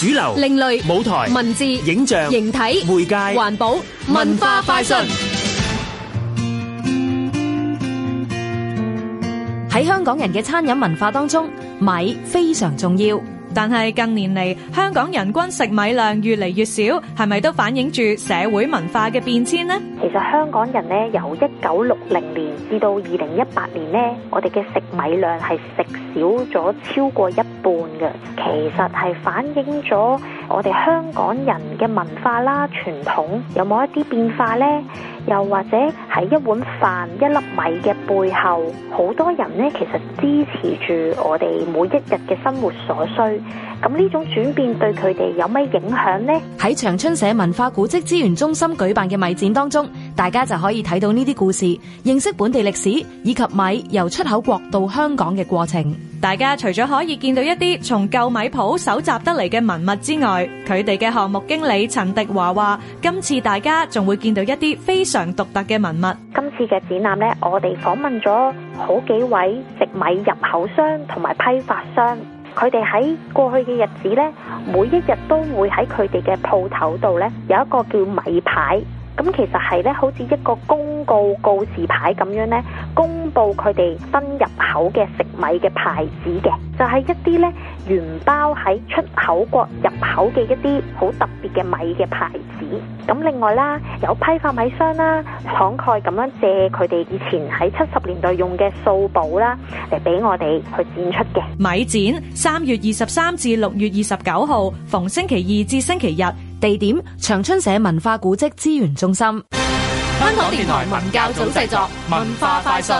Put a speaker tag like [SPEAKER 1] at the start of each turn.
[SPEAKER 1] 主流另類舞台文字影像形體媒介環保文化快訊。喺香港人嘅餐飲文化當中，米非常重要，但係近年嚟，香港人均食米量越嚟越少，係咪都反映住社會文化嘅變
[SPEAKER 2] 遷呢？其實香港人呢，由1960年至到2018年我哋嘅食米量係食少咗超過一半嘅，其實係反映咗我哋香港人嘅文化啦、傳統有冇一啲變化呢？又或者喺一碗飯一粒米嘅背後，好多人呢其實支持住我哋每一日嘅生活所需。咁呢種轉變對佢哋有咩影響呢？
[SPEAKER 1] 喺長春社文化古蹟資源中心舉辦嘅米展當中，大家就可以睇到呢啲故事，認識本地歷史以及米由出口國到香港嘅過程。大家除咗可以見到一啲從舊米鋪蒐集得嚟嘅文物之外，佢哋嘅項目經理陳迪華話，今次大家仲會見到一啲非常獨特嘅文物。
[SPEAKER 2] 今次嘅展覽咧，我哋訪問咗好幾位食米入口商同埋批發商，佢哋喺過去嘅日子咧，每一日都會喺佢哋嘅鋪頭度咧有一個叫米牌，咁其實係咧好似一個公。公告告示牌咁樣咧，公布佢哋新入口嘅食米嘅牌子嘅，就係一啲咧原包喺出口國入口嘅一啲好特別嘅米嘅牌子。咁另外啦，有批發米商啦，慷慨咁樣借佢哋以前喺七十年代用嘅掃帚啦，嚟俾我哋去展出嘅
[SPEAKER 1] 米展。三月二十三至六月二十九號，逢星期二至星期日，地點：長春社文化古蹟資源中心。
[SPEAKER 2] 香港電台文教組製作，文化快訊。